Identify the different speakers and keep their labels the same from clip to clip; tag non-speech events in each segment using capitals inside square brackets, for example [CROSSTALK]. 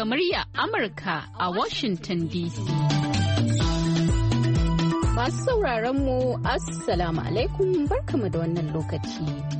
Speaker 1: daga murya Amurka a Washington DC. Masu sauraron mu, Assalamu alaikum barkamu da wannan lokaci.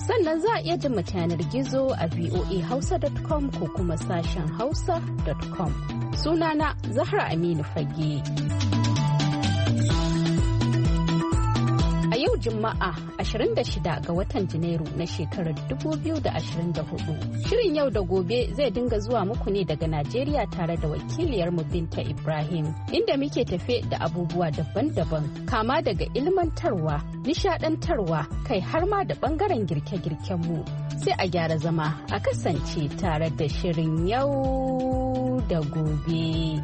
Speaker 1: Sannan za a iya jin yanar gizo a voahausa.com ko kuma sashen hausa.com. Sunana Zahra Aminu Fage. Juma'a 26 ga watan Janairu na shekarar 2024. Shirin yau da gobe zai dinga zuwa muku ne daga Najeriya tare da wakiliyar Binta Ibrahim inda muke tafe da abubuwa daban-daban kama daga ilmantarwa, nishadantarwa kai har ma da bangaren girke-girken mu. Sai a gyara zama a kasance tare da shirin yau da gobe.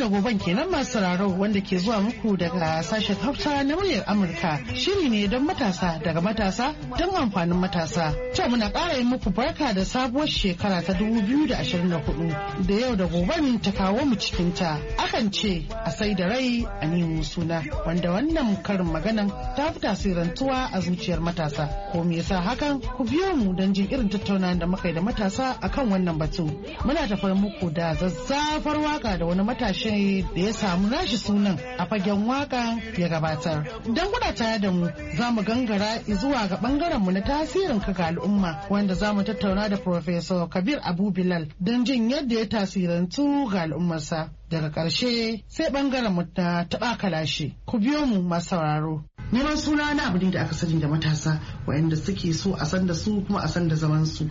Speaker 2: da goben kenan masu sauraro wanda ke zuwa muku daga sashen hausa na muryar Amurka shiri ne don matasa daga matasa don amfanin matasa. To muna ƙara yi muku barka da sabuwar shekara ta 2024 da yau da goben ta kawo mu cikin ta. Akan ce a sai da rai a nemo suna wanda wannan karin maganan ta fi tuwa a zuciyar matasa. Ko me yasa hakan ku biyo mu don jin irin tattaunawa da muka yi da matasa akan wannan batu. Muna tafar muku da zazzafar waka da wani matashi ce da ya samu nashi sunan a fagen waka ya gabatar. Don kuna tare da mu za mu gangara zuwa ga bangaren mu na tasirin kaga al'umma wanda za mu tattauna da Professor Kabir Abu Bilal don jin yadda ya tasirantu ga al'ummarsa. Daga ƙarshe sai bangaren mu ta taɓa kalashi. Ku biyo mu masu sauraro. Neman suna na abu da aka sani da matasa waɗanda suke so a san da su kuma a san da zaman su.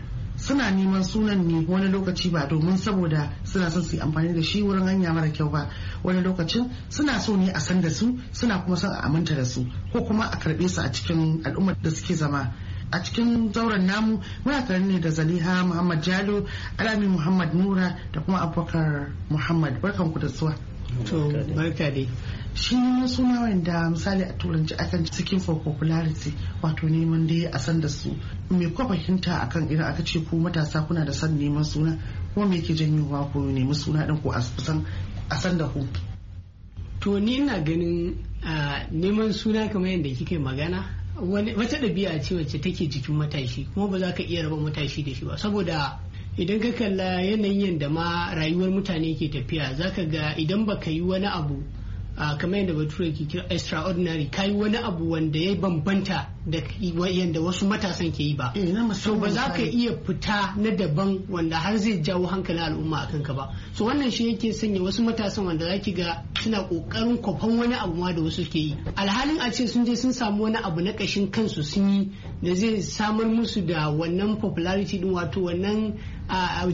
Speaker 2: suna neman sunan ne wani lokaci ba domin saboda suna son su yi amfani da shi wurin hanya mara kyau ba wani lokacin suna so ne a san da su suna kuma son a aminta da su ko kuma a karbe su a cikin al'ummar da suke zama a cikin zauren namu muna tare ne da zaliha muhammad jalo alami muhammad nura da kuma abubakar muhammad barkanku da zuwa to barka dai shi suna wanda misali a turanci akan cikin for popularity wato neman dai a san da su me fahimta akan idan aka ce ku matasa kuna da san neman suna ko me ke janyowa ku nemi suna din ko a san a san da ku to ni ina ganin
Speaker 3: neman suna kamar yadda kike magana wata ɗabi'a ce wacce take jikin matashi kuma ba za ka iya raba matashi da shi ba saboda idan ka kalla yanayin yadda ma rayuwar mutane ke tafiya za ka ga idan baka yi wani abu kamar yadda bature ke kira extraordinary ka yi wani abu wanda ya bambanta da yadda wasu matasan ke yi ba so eh, ba za ka iya fita na daban wanda har zai jawo hankalin al'umma a kanka ba so wannan shi yake sanya wasu matasan wanda za ki ga suna kokarin kwafan wani abu ma da wasu ke yi alhalin a ce sun je sun samu wani abu na kashin kansu sun yi da zai samar musu da wannan popularity din wato wannan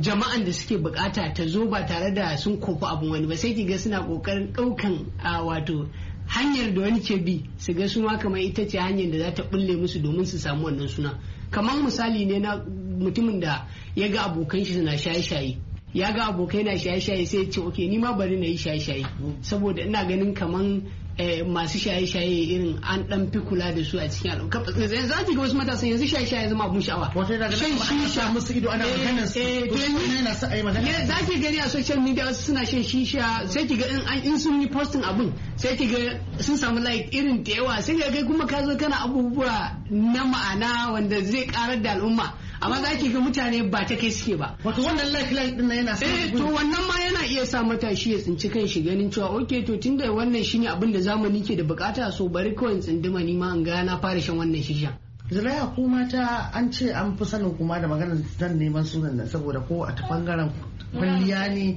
Speaker 3: jama'an da suke bukata ta zo ba tare da sun kofi abin wani ba sai ki ga suna kokarin daukan wato hanyar da wani ke bi su ga suma kamar ita ce hanyar da za ta bulle musu domin su samu wannan suna kamar misali ne na mutumin da ya ga abokan shi suna shaye-shaye ya ga abokai na shaye-shaye sai ya ce ok ni ma bari na yi shaye-shaye saboda ina ganin kaman Eh, masu shaye-shaye irin an dan fi kula da su a cikin al'umma za ki ga wasu matasan yanzu shaye-shaye zama abun sha'awa wato da shan shisha musu ido ana eh, maganar su yana eh, sa ai magana za ki gani a social media wasu suna shan shisha sai ki ga in sun yi posting abun sai ki ga sun samu like irin da sai kuma ka kana abubuwa na ma'ana wanda zai karar da al'umma amma za ki ga mutane ba ta kai suke ba wato wannan life life din yana sa eh, to wannan ma yana iya sa matashi ya tsinci kan shi ganin cewa okay to tunda wannan shine abin da zamani ke da bukata so
Speaker 2: bari kawai tsindima ni ma an ga na fara shan wannan shisha. zuraya ko mata an ce an fi sanin kuma da maganar zan neman sunan nan saboda ko a ta bangaren kwalliya ne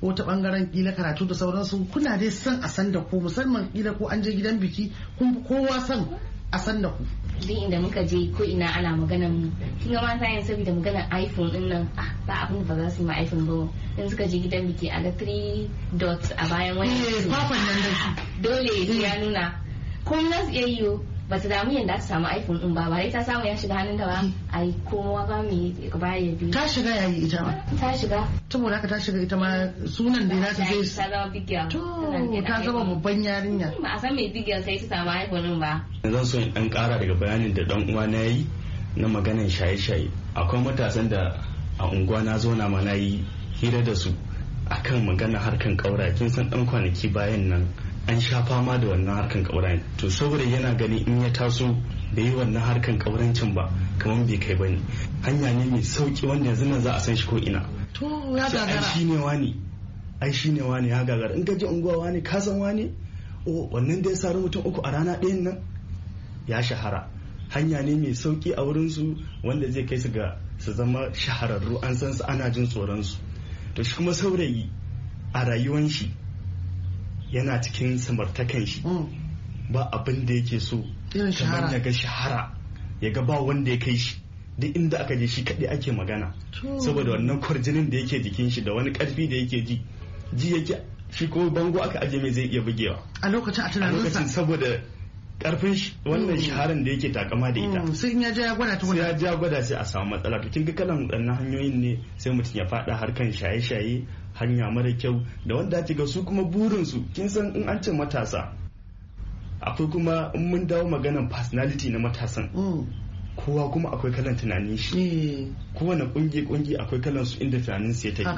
Speaker 2: ko ta bangaren kila karatu da sauransu kuna dai san a san da ku musamman kila ko an je gidan biki
Speaker 4: kun kowa san a san da ku duk inda muka je ko ina ana magana mu kin ga mata yin saboda maganan iphone din nan ah, ba abin ba za su yi ma iphone ba in suka je gidan biki a ga 3 dots a bayan wani eh, dole ya nuna ko na yayyo ba ta damu yadda aka samu iphone din ba ba ita samu ya shiga hannun da ba ai kowa ba mai ba ya biyu ta shiga ya yi ita ba ta shiga saboda haka ta shiga ita ma sunan da na ta je ta zama big to ta zama babban yarinya ba a san me big sai ta samu iphone din ba
Speaker 5: zan so in dan kara daga bayanin da dan uwa na yi na maganan shaye-shaye akwai matasan da a unguwa na zo na ma na yi hira da su akan magana harkan kaura kin san dan kwanaki bayan nan an sha fama da wannan harkan ne. to saboda yana gani in ya taso da yi wannan harkan kaurancin ba kamar bai kai bane hanya ne mai sauki wanda yanzu nan za a san shi ko ina
Speaker 2: to ya gagara
Speaker 5: shi ne wani ai shi ne wani ya gagara in ka ji unguwa wani ka san wani o wannan da ya sari mutum uku a rana ɗayan nan ya shahara hanya ne mai sauki a wurin su wanda zai kai su ga su zama shahararru an san su ana jin tsoron su to shi kuma saurayi a rayuwan shi yana cikin samartakan shi hmm. ba abin da yake so kamar ya ga shahara ya ga ba wanda ya kai shi duk inda aka je shi kaɗai ake magana saboda wannan kwarjinin da yake jikin shi da wani ƙarfi da yake ji ji yake shi ko bango aka aje mai zai iya bugewa
Speaker 2: a lokacin a tunaninsa
Speaker 5: saboda karfin wannan mm. shaharan da yake takama da ita mm, sai ya ja gwada ta wani ya ja gwada sai a samu matsala to kin ga kalan wannan hanyoyin ne sai mutum ya fada harkan shaye-shaye hanya mara kyau da wanda ga su kuma burin su kin san in an ce matasa akwai kuma in mun dawo maganan personality na matasan mm. kowa kuma akwai kalan tunanin shi eh. kowane kungi kungi akwai kalan su inda tunanin su ya take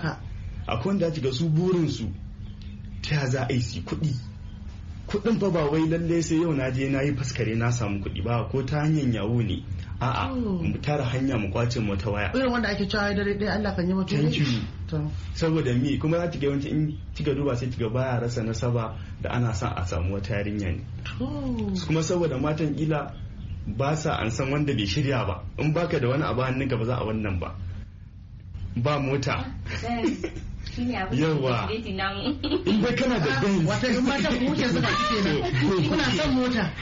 Speaker 5: akwai wanda ga su burin su ta za a yi su kuɗi kuɗin fa ba wai lalle sai yau na je na yi faskare na samu kuɗi ba ko ta hanyar yawo ne a'a oh. mu tara hanya mu kwace mu waya
Speaker 2: irin wanda ake cewa dare dai Allah kan yi mutum thank you
Speaker 5: saboda mi kuma za ki ga yawanci in kika duba sai kiga baya rasa nasaba da ana son a samu wata yarinya ne kuma saboda matan kila ba sa an san wanda bai shirya ba in baka da wani abu hannunka ba za a wannan ba ba mota
Speaker 4: in kana da ah, benz wata mata kike ne [LAUGHS] kuna son mota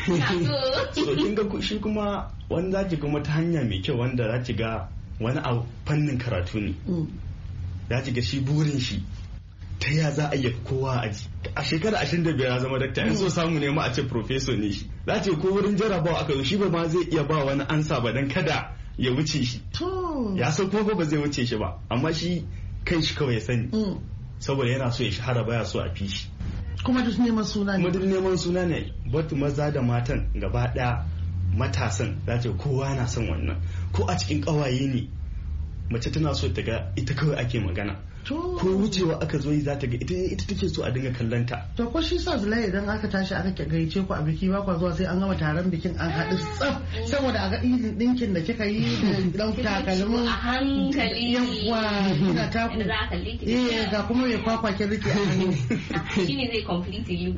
Speaker 5: so kin ga shi kuma wani za ki kuma ta hanya mai kyau wanda za ki ga wani a fannin karatu ne mm. za ki ga shi burin shi ta ya za a yi kowa a ji a shekara 25 ya zama dakta in so samu nema a ce profeso ne shi za ce ko wurin jarabawa aka shi ba ma zai iya ba wani ansa ba dan kada ya wuce shi ya san ko ba zai wuce shi ba amma shi kan shi kawai ya sani mm. saboda yana so ya shahara baya so a fishi shi kuma duk neman suna ne kuma duk neman suna ne batu maza da matan gaba daya matasan za ta kowa na son wannan ko a cikin kawaye ne mace tana so ta ga ita kawai ake magana ko wucewa aka zo yi za ta ga ita ita take so a dinga kallon ta
Speaker 2: to ko shi sa zulai idan aka tashi aka gaice ku a biki ba ku zuwa sai an gama taron bikin an haɗu tsaf saboda a ga irin ɗinkin da kika yi [LAUGHS] da takalmi a hankali yawa kina taku eh ga kuma mai kwakwa ki
Speaker 4: rike a hannu [LAUGHS] shine zai complete you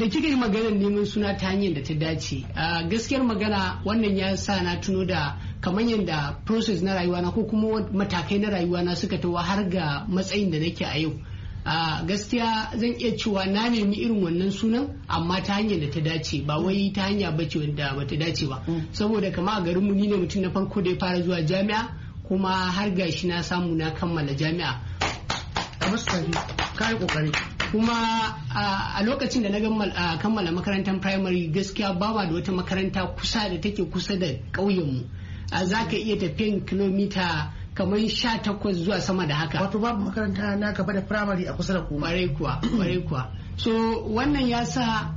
Speaker 2: [LAUGHS] da kika yi maganar
Speaker 3: neman suna ta hanyar da ta dace gaskiyar magana wannan ya sa na tuno da kamar yadda process na rayuwana ko kuma matakai na rayuwa na suka tawa har ga matsayin da nake a yau a gaskiya zan iya cewa na nemi irin wannan sunan amma ta hanyar da ta dace ba wai ta hanya bace wanda bata dace ba mm. saboda kama a garinmu ni ne mutum na farko da ya fara zuwa jami'a kuma har shi na samu na kammala jami'a kuma a lokacin da na kammala makarantar primary gaskiya ba da wata makaranta kusa da take kusa da ƙauyenmu za ka iya tafiyan kilomita kamar sha takwas zuwa sama da haka. Wato babu makaranta na gaba da firamare a kusa da kuma. Kwarai kuwa, kuwa. So wannan ya sa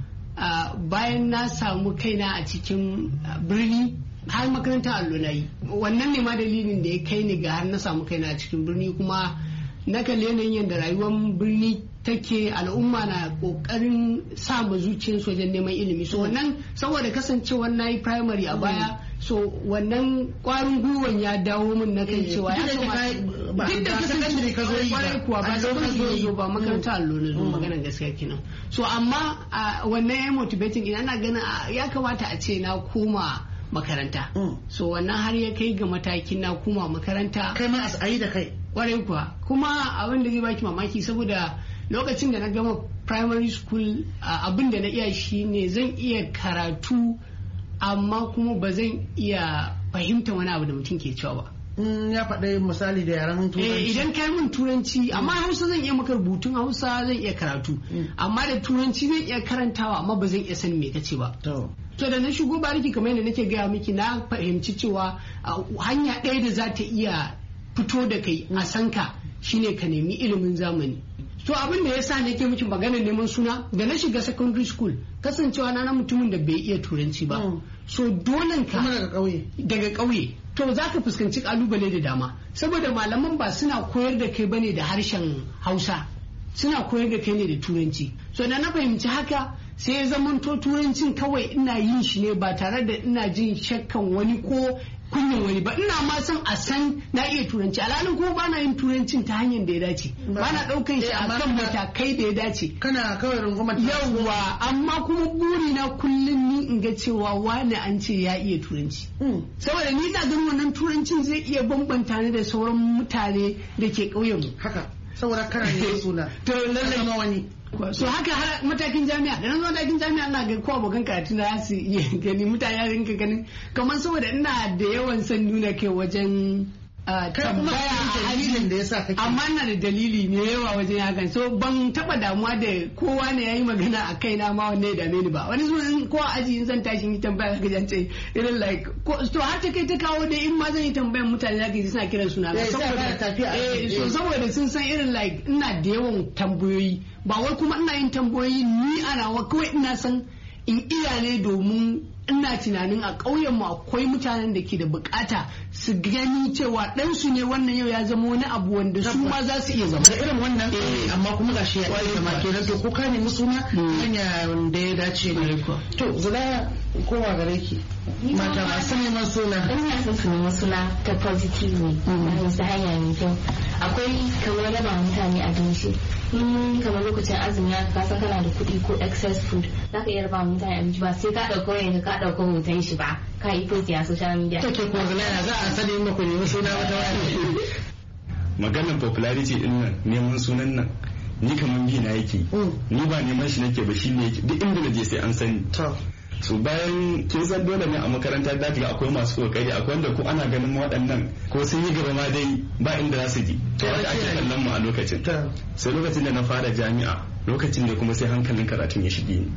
Speaker 3: bayan na samu kaina a cikin birni har makaranta allo na yi. Wannan ne ma dalilin da ya kai ni ga har na samu kaina a cikin birni kuma na kalli yanayin yadda rayuwar birni take al'umma na kokarin sa ma zuciyarsu wajen neman ilimi so wannan saboda kasancewar na yi firamare a baya so wannan kwarin gwiwan ya dawo min na kan eh, cewa ya kuma duk da kasance ba kuwa ba da kuma zo ba mm. makaranta allo na zo mm. maganar gaskiya kenan so amma wannan ya motivating ina ganin ya kamata a ce na koma makaranta. Mm. So wannan har ya kai ga matakin na kuma makaranta. Kai ma a yi da kai. Kwarai kuwa. Kuma abin da zai baki mamaki saboda lokacin da na gama primary school uh, abin da na iya shi ne zan iya karatu amma kuma ba zan iya fahimta wani abu da
Speaker 2: mutum ke cewa ba mm, ya faɗa misali da yaran eh, turanci idan
Speaker 3: kai min turanci amma mm. hausa zan iya maka rubutun hausa zan iya
Speaker 2: karatu mm.
Speaker 3: amma da turanci zan iya karantawa amma ba zan iya sanin me kace ba to da na shigo bariki kamar yadda nake gaya miki na fahimci cewa hanya ɗaya da za ta iya fito da kai a sanka shine ka nemi ilimin zamani to abin da ya sa nake miki magana neman suna da na shiga secondary school kasancewa na mutumin da bai iya turanci ba mm. so dolen ka daga ƙauye to za ka fuskanci kalubale da dama saboda malaman ba suna koyar da kai bane da harshen hausa suna koyar da kai ne da turanci so na na fahimci haka sai ya zamanto turancin kawai ina yin shi ne ba tare da ina jin shakkan wani ko kunyan wani ba ina ma son a san na iya turanci alhalin kuma ba na yin turancin ta hanyar da ya dace ba na ɗaukan shi eh, a kan matakai da ya dace kana kawai rungumar yawwa amma kuma buri na kullum ni in ga cewa wani an ce ya iya turanci hmm. saboda ni na ganin wannan turancin zai iya bambanta ni da sauran mutane da ke ƙauyen mu haka saboda kana ne suna [LAUGHS] to lallai ma wani so haka har matakin jami'a da nan matakin jami'a ina ga ko abokan karatu na su yi gani mutane rinka ganin kamar saboda ina da yawan san nuna ke wajen ah, tambaya a dalilin da yasa kake amma na da dalili ne yawa wajen gani. so ban taba damuwa da kowa ne yayi magana a kai na ma wanne da ni ba wani zuwa ko aji in zan tashi in tambaya ka jan irin like ko to har ta kai ta kawo da in ma zan yi tambayan mutane zaka ji suna kiran suna eh, saboda eh, saboda sun san irin like ina da yawan tambayoyi ba wai kuma ina yin tambayoyi ni a wa kawai ina san in iya ne domin ina tunanin a ƙauyen mu akwai mutanen da ke da bukata su gani cewa ɗansu ne wannan yau ya zama wani abu wanda su ma za su iya zama. Da irin wannan
Speaker 2: eh. amma kuma ga shi ya iya zama kenan to ko ka nemi suna hmm. hanya da ya dace ne.
Speaker 4: To zula kowa gare ki. mata masu neman suna ina son su neman suna ta positive ne yanzu mm. hanya mai kyau akwai kamar raba mutane abinci in kamar lokacin azumi ya ka kana da kuɗi ko excess food za ka iya raba mutane abinci ba sai ka ɗauko yanzu ka ɗauko hoton shi ba ka yi post a social media take ko zalaya za a sani muku neman
Speaker 6: suna wata wani
Speaker 5: maganar popularity din nan neman sunan nan ni kamar bi na yake mm. ni ba neman shi nake ba shi ne duk inda na je sai an sani su bayan kin san dole ne a makaranta da ga akwai masu kokari akwai wanda ko ana ganin waɗannan ko sun yi gaba ma dai ba inda za su ji to Wata ake kallon mu a lokacin sai lokacin da na fara jami'a lokacin da kuma sai hankalin karatun ya shige ni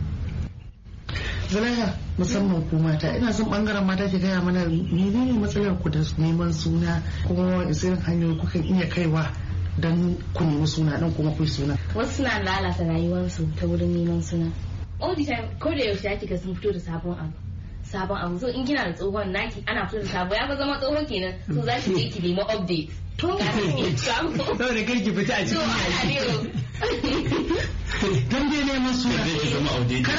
Speaker 2: Zulaiha musamman ku mata ina son bangaren mata ke gaya mana ne ne matsalar ku da neman suna kuma irin hanyoyi kukan iya kaiwa don ku suna dan kuma ku suna.
Speaker 4: Wasu na lalata rayuwarsu ta wurin neman suna. all the time ko da yaushe ake ga sun fito da sabon abu sabon abu so in kina da tsohon naki ana fito da sabon ya fa zama tsohon kenan so za ki je ki nemi update to da kai
Speaker 5: ki fita a cikin don dai neman suna kar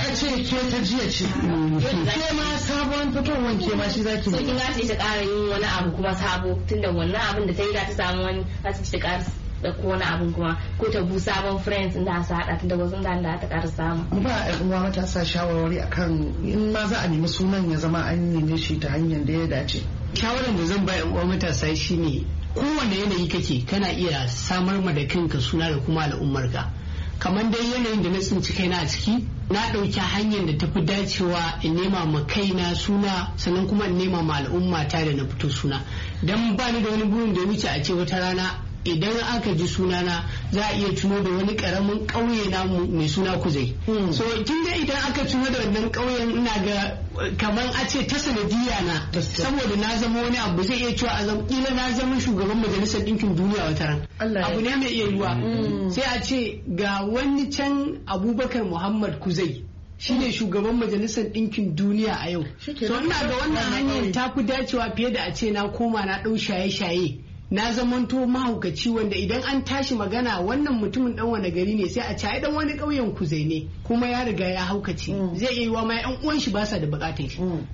Speaker 5: a
Speaker 2: ce ke ta jiya ce ke ma sabon fitowar ke ma shi za zaki so kin
Speaker 4: ce ta ƙara yin wani abu kuma sabo tunda wannan abin da ta yi da ta samu wani za ta ƙara da ko wani abin kuma ko ta bu sabon friends inda su hada ta da wasu inda ta ƙara samu. mu ba a uwa
Speaker 2: matasa shawarwari akan in ma za a nemi sunan ya zama an neme shi ta hanyar da ya dace. shawaran da zan ba yan uwa shi ne kowane yanayi kake kana iya samar
Speaker 3: ma da kanka suna da kuma al'ummarka kamar dai yanayin da na tsinci kaina a ciki na ɗauki hanyar da tafi dacewa in nema ma kaina suna sannan kuma in nema ma al'umma ta da na fito suna don ba ni da wani burin da wuce a ce wata rana idan aka ji sunana za a iya tuno da wani karamin ƙauye na mai suna kuzai hmm. so kin ga idan aka tuno da wannan ƙauyen ina ga eh, kamar a ce ta sanadiyya na saboda na zama wani abu zai iya cewa a kila na zama shugaban majalisar ɗinkin duniya wata ran abu ne mai iya yiwa hmm. hmm. sai a ce ga wani can abubakar muhammad kuzai shine shugaban majalisar ɗinkin duniya a yau so ina da wannan hanyar ta fi dacewa fiye da a ce na koma na ɗau shaye-shaye na zamanto mahaukaci wanda idan an tashi magana wannan mutumin dan wani gari ne sai a ci dan wani ƙauyen kuzai ne kuma ya riga ya haukaci mm. zai iya yiwa ma yan uwan shi ba sa da bukatun shi mm.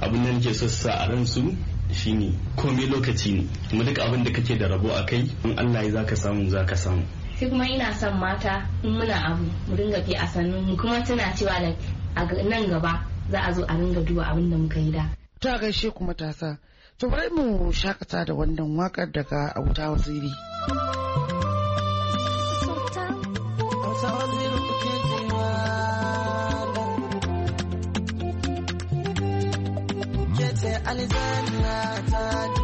Speaker 5: abin da nake sassa a ran su shine komai lokaci ne kuma duk abin da kake da rabo a kai in Allah ya zaka samu
Speaker 4: zaka samu sai kuma ina son mata in muna abu mu dinga fi a sannu kuma tana cewa da nan gaba za a zo a dinga duba abin da muka yi da ta gaishe kuma sa
Speaker 2: To bari mu shakata da wannan wakar daga Abuta Waziri.
Speaker 6: Alexander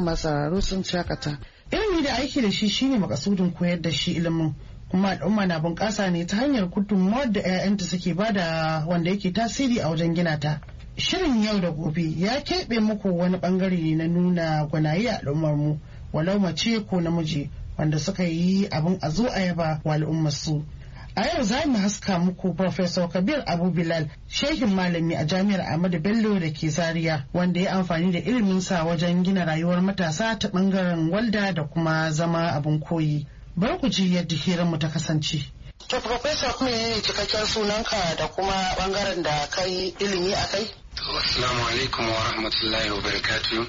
Speaker 2: fatan masararru sun shakata. Ilimi da aiki da shi shine makasudin koyar da shi ilimin. kuma al'umma na bunƙasa ne ta hanyar gudunmawar da 'ya'yanta suke ba da wanda yake tasiri a wajen gina ta. Shirin yau da gobe ya keɓe muku wani ɓangare na nuna gwanaye al'ummar mu walau mace ko namiji wanda suka yi abin a zo a yaba wa al'ummar su. A yau za mu haska muku Profesor Kabir Abu Bilal, shehin malami a Jami'ar Ahmadu Bello da ke Zaria, wanda ya amfani da iliminsa wajen gina rayuwar matasa ta bangaren walda da kuma zama abin koyi. Bar ku ji yadda mu ta kasance. To Profesor kuma ne cikakken sunanka da kuma bangaren da kai ilimi a kai?
Speaker 6: Assalamu alaikum wa rahmatullahi wa barakatuh.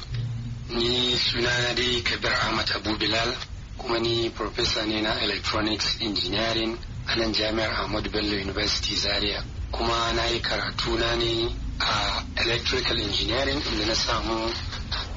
Speaker 6: Ni suna dai Kabir Ahmad Abu Bilal kuma ni professor ne na electronics engineering a nan jami'ar ahmadu bello university zaria kuma na yi karatu na ne a electrical engineering inda na samu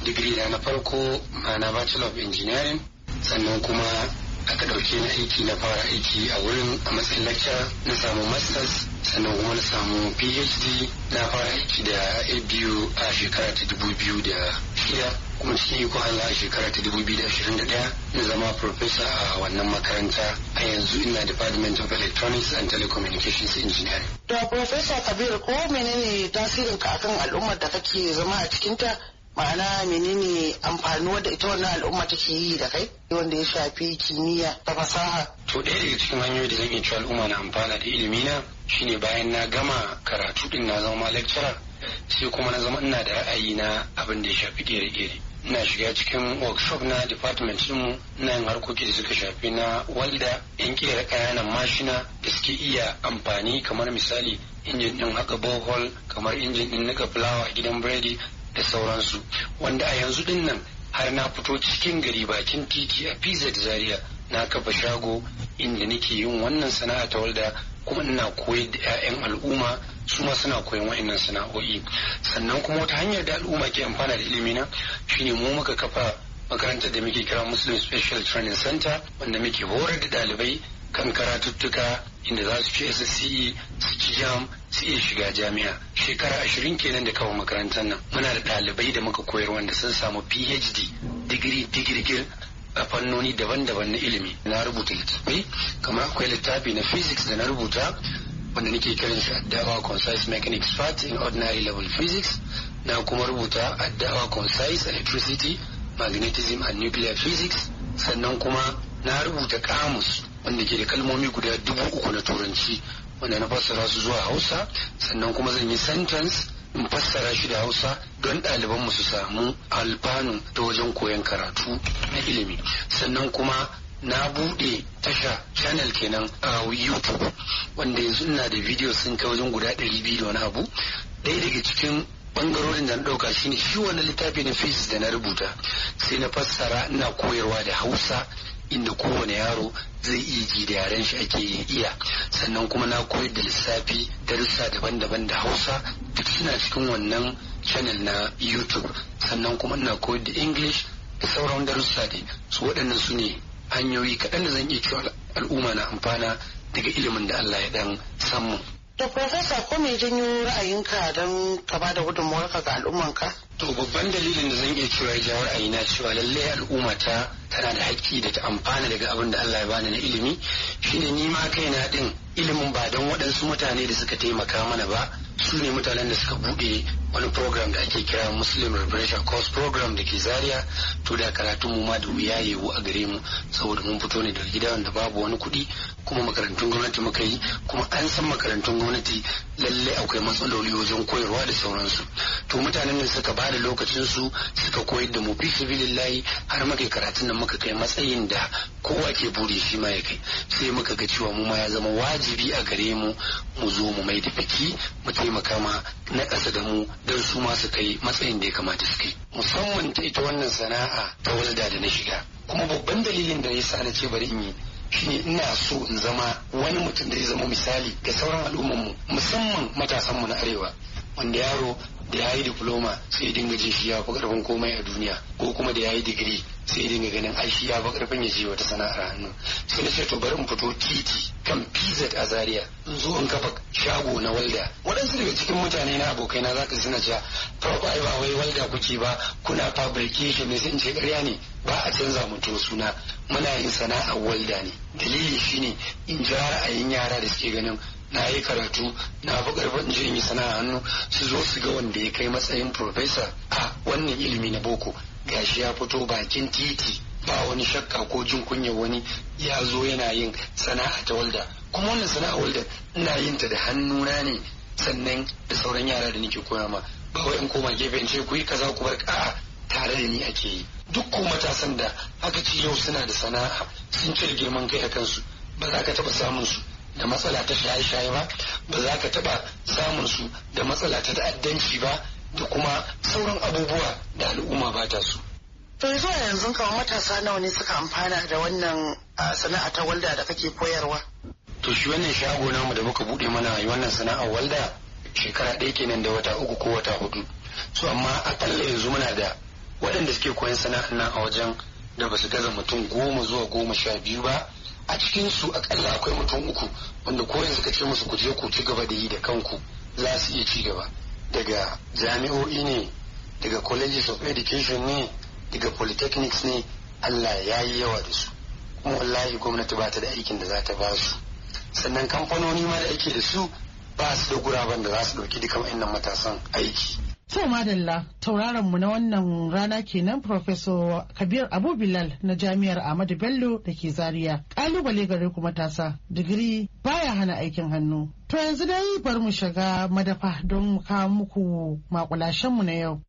Speaker 6: digiri na na farko ma'ana bachelor of engineering sannan kuma aka ɗauke ni aiki na fara aiki a wurin a matsayin lecturer na samu masters sannan kuma na samu phd na fara aiki da abu a shekara ta dubu biyu da shida kuma cikin iko hala a shekara ta dubu biyu da ashirin da ɗaya na zama professor a wannan makaranta a yanzu ina department of electronics and telecommunications engineering.
Speaker 2: da professor kabir ko menene tasirinka akan al'ummar da kake zama a cikinta ma'ana menene amfani wanda ita wannan al'umma take yi da kai wanda ya shafi kimiyya ta fasaha
Speaker 6: to ɗaya daga cikin hanyoyi da zan iya cewa al'umma na amfana da ilimi na shine bayan na gama karatu din na zama lecturer sai kuma na zama ina da ra'ayi na abin da ya shafi kere-kere ina shiga cikin workshop na department mu ina yin harkoki da suka shafi na walda in kera kayanan mashina da suke iya amfani kamar misali injin din haka bohol kamar injin din nika fulawa a gidan biredi da sauransu wanda a yanzu din nan har na fito cikin gari bakin titi a pz zaria na kafa shago inda nake yin wannan sana'a ta walda kuma ina koyar da 'ya'yan al'umma su ma suna koyon wa'annan sana'o'i sannan kuma wata hanyar da al'umma ke amfana da ilimina shine mu muka kafa makarantar da muke kira muslim special training center wanda muke horar da ɗalibai kan karatuttuka inda za su ci SSCE su ci jam su iya shiga jami'a shekara ashirin kenan da kawo makarantar nan muna da ɗalibai da muka koyar wanda sun samu PhD digiri digirgir a fannoni daban-daban na ilimi na rubuta littattafai kamar akwai littafi na physics da na rubuta wanda nake kiran shi addawa concise mechanics part in ordinary level physics na kuma rubuta addawa concise electricity magnetism and nuclear physics sannan kuma na rubuta kamus wanda ke da kalmomi guda dubu uku na turanci wanda na fassara su zuwa hausa sannan kuma zan yi sentence in fassara shi da hausa don ɗaliban mu su samu alfanu ta wajen koyon karatu na ilimi sannan kuma na buɗe tasha channel kenan a youtube wanda yanzu ina da video sun kai wajen guda ɗari biyu da wani abu ɗaya daga cikin bangarorin da na ɗauka shine shi wani littafi na physics da na rubuta sai na fassara ina koyarwa da hausa inda kowane yaro zai iya ji da yaren shi ake iya sannan kuma na koyar da lissafi darussa daban-daban da hausa duk suna cikin wannan channel na youtube sannan kuma ina koyar da english da sauran darussa dai su waɗannan su ne hanyoyi kaɗan da zan iya cewa al'umma na amfana daga ilimin da allah ya dan samu
Speaker 2: To Profesa ko me janyo ra'ayinka don ka ba da bada ka ga al'ummanka?
Speaker 6: To babban dalilin da zan iya cewa ya ra'ayi na cewa lallai al'umma ta tana da haƙƙi da ta amfana daga abin da Allah ya bani na ilimi shine ni ma kaina ɗin ilimin ba don waɗansu mutane da suka taimaka mana ba su ne mutanen da suka buɗe wani program da ake kira muslim liberation course program da ke zaria to da karatun mu ma da wuya yiwu a gare mu saboda mun fito ne daga gida wanda babu wani kuɗi kuma makarantun gwamnati muka yi kuma an san makarantun gwamnati lalle akwai matsaloli wajen koyarwa da sauransu to mutanen da suka bada lokacin su suka koyar da mu fi sabilillahi har muka karatun da muka kai matsayin da kowa ke buri shi ma ya kai sai muka ga cewa mu ma ya zama wajibi a gare mu mu zo mu mai da biki mu taimaka ma na ƙasa da mu don su masu kai matsayin da ya kamata su kai musamman ta ita wannan sana'a ta walda da na shiga kuma babban dalilin da ya sa na ce bari in yi shine ina so in zama wani mutum da ya zama misali ga sauran al'ummar mu musamman matasan mu na arewa wanda yaro da ya yi diploma sai dinga jin shi ya fi karfin komai a duniya ko kuma da ya yi digiri sai dinga ganin ai shi ya fi karfin ya je wata sana'ar hannu sai na ce to bari in fito titi kan pz a zaria in zo in kafa shago na walda waɗansu daga cikin mutane na abokai na zaka suna cewa prof ai ba wai walda kuke ba kuna fabrication ne sai in ce ƙarya ne ba a canza mutu suna muna yin sana'ar walda ne dalili shine in ji ra'ayin yara da suke ganin na yi karatu na fi karfin je yi sana'a hannu su zo su ga wanda ya kai matsayin profesa a wannan ilimi na boko gashi ya fito bakin titi ba wani shakka ko jin kunya wani ya zo yana yin sana'a ta walda kuma wannan sana'a walda ina yin ta da hannu na ne sannan da sauran yara da nake koya ma ba wai in koma gefe in ce ku yi kaza ku bar a'a tare da ni ake yi duk ko matasan da aka ci yau suna da sana'a sun cire girman kai a kansu ba za ka taɓa samun su da matsala ta shaye-shaye ba ba za ka taɓa samun su da matsala ta ta'addanci ba da kuma sauran abubuwa da al'umma ba ta su.
Speaker 2: To zuwa yanzu kamar matasa nawa ne suka amfana da wannan
Speaker 6: ah, sana'a ta walda da kake koyarwa? To shi wannan shago namu da muka buɗe mana yi wannan sana'a walda shekara ɗaya kenan da wata uku ko wata hudu. Su amma akalla yanzu muna da waɗanda suke koyan sana'ar nan a wajen da ba su gaza mutum goma zuwa goma sha biyu ba a cikin su akalla akwai mutum uku wanda ko yanzu ka ce musu ku je ku ci gaba da yi da kanku za su iya ci gaba daga jami'o'i ne daga colleges of education ne daga polytechnics ne allah ya yi yawa da su kuma wallahi gwamnati ba ta da aikin da za ta ba su sannan kamfanoni ma da ake da su ba su da guraben da za su ɗauki duka wa'annan matasan aiki
Speaker 2: So madalla tauraron mu na wannan rana kenan Professor Kabir Abu Bilal na Jami'ar Ahmadu Bello da ke Zaria. Kalubale gare ku matasa, digiri baya hana aikin hannu. To yanzu dai bar mu shiga madafa don mu kawo muku makulashen mu na yau.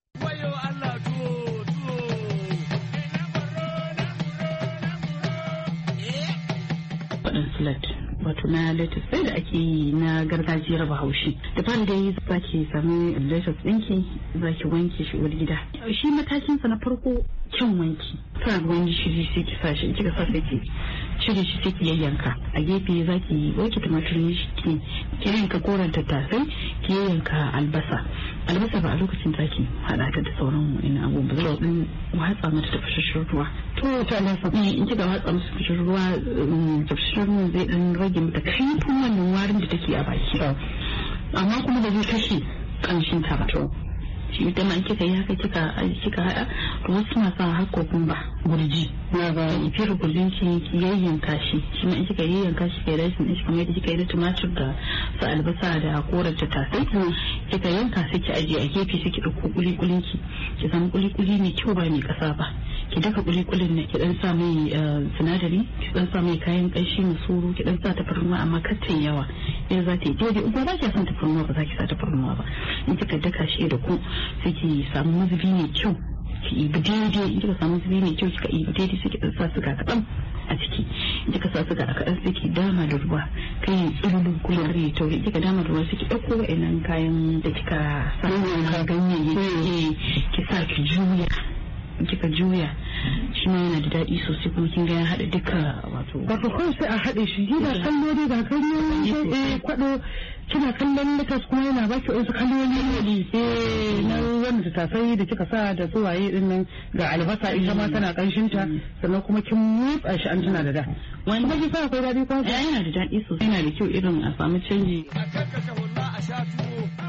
Speaker 7: flat. wato na lettuce da ake yi na gargajiyar bahaushe da fan da yi za ki sami lettuce ɗinki za ki wanke shi wani gida shi matakinsa na farko kyan wanki sa ruwan gishiri sai ki sa shi kika sa sai ki cire shi sai ki yayyanka a gefe za ki wanke tumatirin shi ki yanka koren tattasai ki yayyanka albasa albasa ba a lokacin za ki hada ta da sauran wani abubuwa za ki watsa mata tafashashen ruwa to ta lasa in kika watsa musu tafashashen ruwa um, tafashashen ruwa zai dan rage mata kaifin wannan warin da take a baki amma kuma ba zai kashe kanshin ta ba shi ita ma kika yi haka kika kika hada to wasu na sa har kokumba gurji na ga ifir gurjin ki yayyanka shi shi ma kika yayyanka shi kai rashin shi kamar yadda kika yi da tumatur da su albasa da korar ta tasai kika yanka sai ki ajiye a gefe sai ki dauko kuli kulin ki ki samu kuli kuli mai kyau ba mai kasa ba ki daka kulikulin na ki dan sa mai eh, sinadari ki dan sa mai kayan kanshi suru ki dan sa tafarnuwa amma katin yawa ya za ta yi daidai uwa ba ki son tafarnuwa ba za ki sa tafarnuwa ba in kika daka shi da ku sai ki samu mazubi mai kyau ki ibi daidai in kika samu mazubi mai kyau kika ibi daidai sai ki dan sa suga kaɗan a ciki in kika sa suga kaɗan sai ki dama da ruwa kai ya tsirin kuma har ya tauri kika dama da ruwa sai ki ɗauko wa'annan kayan da kika sa ganyayyaki ki sa ki juya kika juya shi ma yana da daɗi sosai kuma kin ga ya haɗa duka wato wato kawai sai a haɗe shi ba kallo dai ba kallo eh kwado kina kallon likas kuma yana ba ki wasu ne eh na ta sai da kika sa da tsuwaye din nan ga albasa ita ma tana kanshin ta sannan kuma kin mutsa shi an tana da da wani ba ki sa akwai daɗi kwasa yana da daɗi sosai yana da kyau irin a samu canji
Speaker 8: a sha tuwo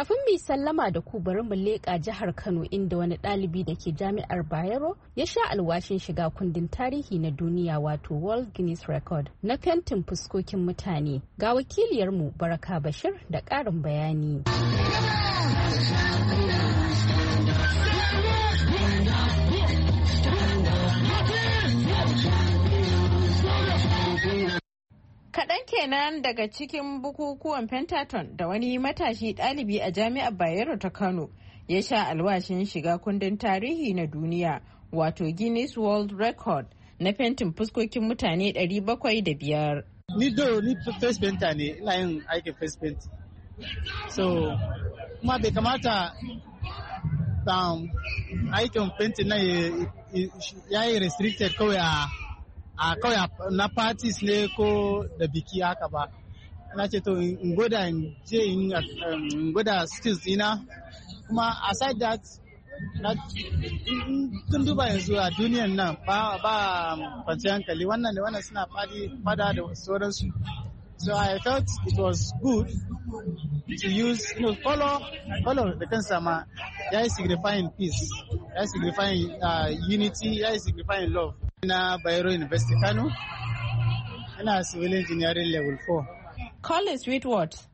Speaker 7: Kafin mu
Speaker 1: sallama da ku bari mu leƙa jihar Kano inda wani ɗalibi da ke jami'ar Bayero ya sha alwashin shiga kundin tarihi na duniya wato World Guinness Record na fentin fuskokin mutane. Ga wakiliyarmu Baraka Bashir da ƙarin bayani.
Speaker 9: Kaɗan kenan daga cikin bukukuwan Pentaton da wani matashi ɗalibi a jami'ar Bayero ta Kano ya sha alwashin shiga kundin tarihi na duniya wato Guinness World Record na fentin fuskokin mutane 705. Ni
Speaker 5: do ni face penta ne ina yin aikin face paint. So, kuma bai kamata um, aikin painting na ya yi restricted kawai a a kawai na parties ne ko da biki haka ba na ce to in gwada in je um, in gwada skills dina kuma aside that na tun duba yanzu a duniyan nan ba ba kwanciyar hankali wannan ne wannan suna fada da sauransu so i felt it was good to use you know color color da kan sama ya yi signifying peace ya signifying uh, unity ya signifying love Na Bayero University Kano, ina civil engineering level 4.
Speaker 9: Collins Whitworth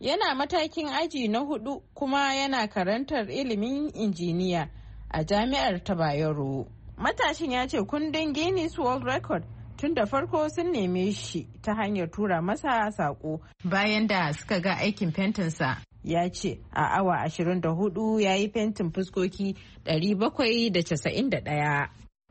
Speaker 9: yana matakin aji na hudu kuma yana karantar ilimin injiniya a jami'ar ta Bayero. Matashin ya ce kundin Guinness World Record tun da farko sun neme shi ta hanyar tura masa sako bayan da suka ga aikin fentinsa ya ce a awa 24 ya yi fentin fuskoki 791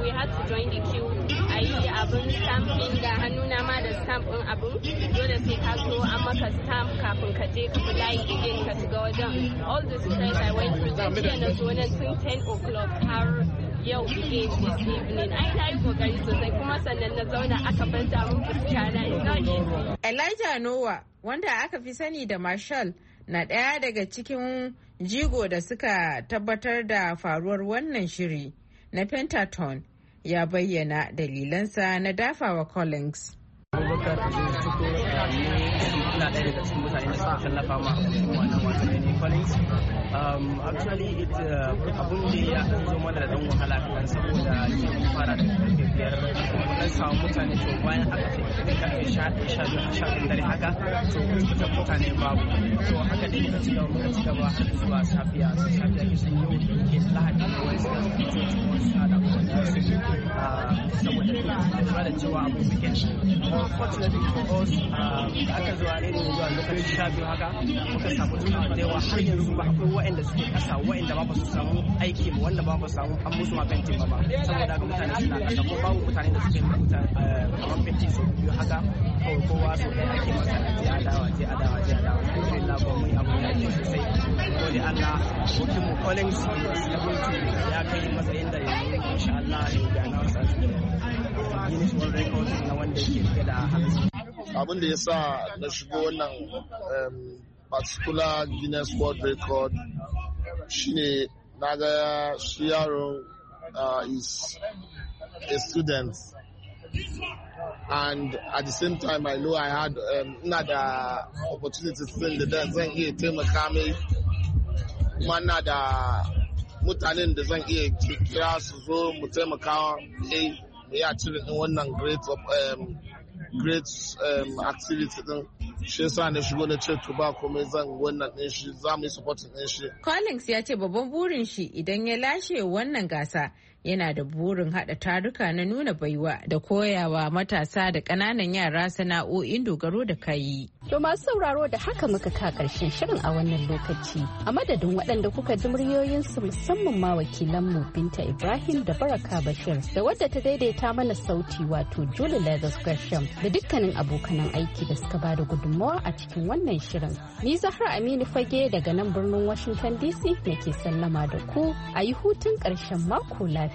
Speaker 4: we had to join the queue a yi abin stamping da hannuna ma da stamp din abin dole sai ka zo an maka stamp kafin ka je ka layi again ka shiga wajen all the stress I went through zan iya na zo nan sun 10 o'clock har yau
Speaker 1: again this evening ai na yi kokari sosai kuma sannan na zauna aka banta min fuska na
Speaker 9: Elijah Noah wanda aka fi sani da Marshall na ɗaya daga cikin jigo da suka tabbatar da faruwar wannan shiri. na Pentaton ya bayyana dalilansa na dafawa Collins.
Speaker 8: Abubakar Tukur ina ɗaya daga cikin mutane da suka tallafa ma abubuwa na wata conference um, actually it uh, abun da ya zo mana da dan wahala kaɗan saboda ke fara da karfe biyar an samu mutane to bayan aka ce da karfe sha sha sha dare haka to mutane babu to haka dai muka ci gaba muka ci gaba har zuwa safiya sai safiya ke sun yi ke lahadi da wani suka wani da saboda da cewa abu fortunately for us uh, aka zuwa zuwa lokacin sha biyu haka muka samu da yawa har yanzu ba akwai waɗanda suke kasa waɗanda ba su samu aiki ba wanda ba su samu an musu ma fenti ba ba saboda ga mutane suna kasa ko babu mutane da suke rubuta eh, kamar fenti su biyu haka kawai kowa su ɗaya ake masa je adawa je adawa je adawa na ba mu yi abu da ake sosai dole Allah mutum mu calling su ya kai matsayin da yanzu insha Allah ya wasa wasu Guinness World Records na wanda ke da abin da ya sa na shigo wannan particular guinness world record shine na ga shi yaro uh, is a student and at the same time i know i had ina um, da opportunities din da zan iya taimaka mai kuma na da mutanen da zan iya kira su zo mu taimaka mai ya cire wannan great um, great um, activity din shi yasa na shigo na ce to ba komai zan wannan din shi za mu yi support din shi
Speaker 9: Collins ya ce babban burin shi idan ya lashe wannan gasa yana da burin haɗa taruka na nuna baiwa da koyawa matasa da ƙananan yara sana'o'in dogaro da kayi.
Speaker 1: To masu sauraro da haka muka ka ƙarshen shirin a wannan lokaci. A madadin waɗanda kuka ji muryoyinsu musamman ma wakilanmu Binta Ibrahim da Baraka Bashir da wadda ta daidaita mana sauti wato Julie Leathers Gresham da dukkanin abokanan aiki da suka bada gudunmawa a cikin wannan shirin. Ni Zahra Aminu Fage daga nan birnin Washington DC nake sallama da ku a yi hutun ƙarshen mako lafiya.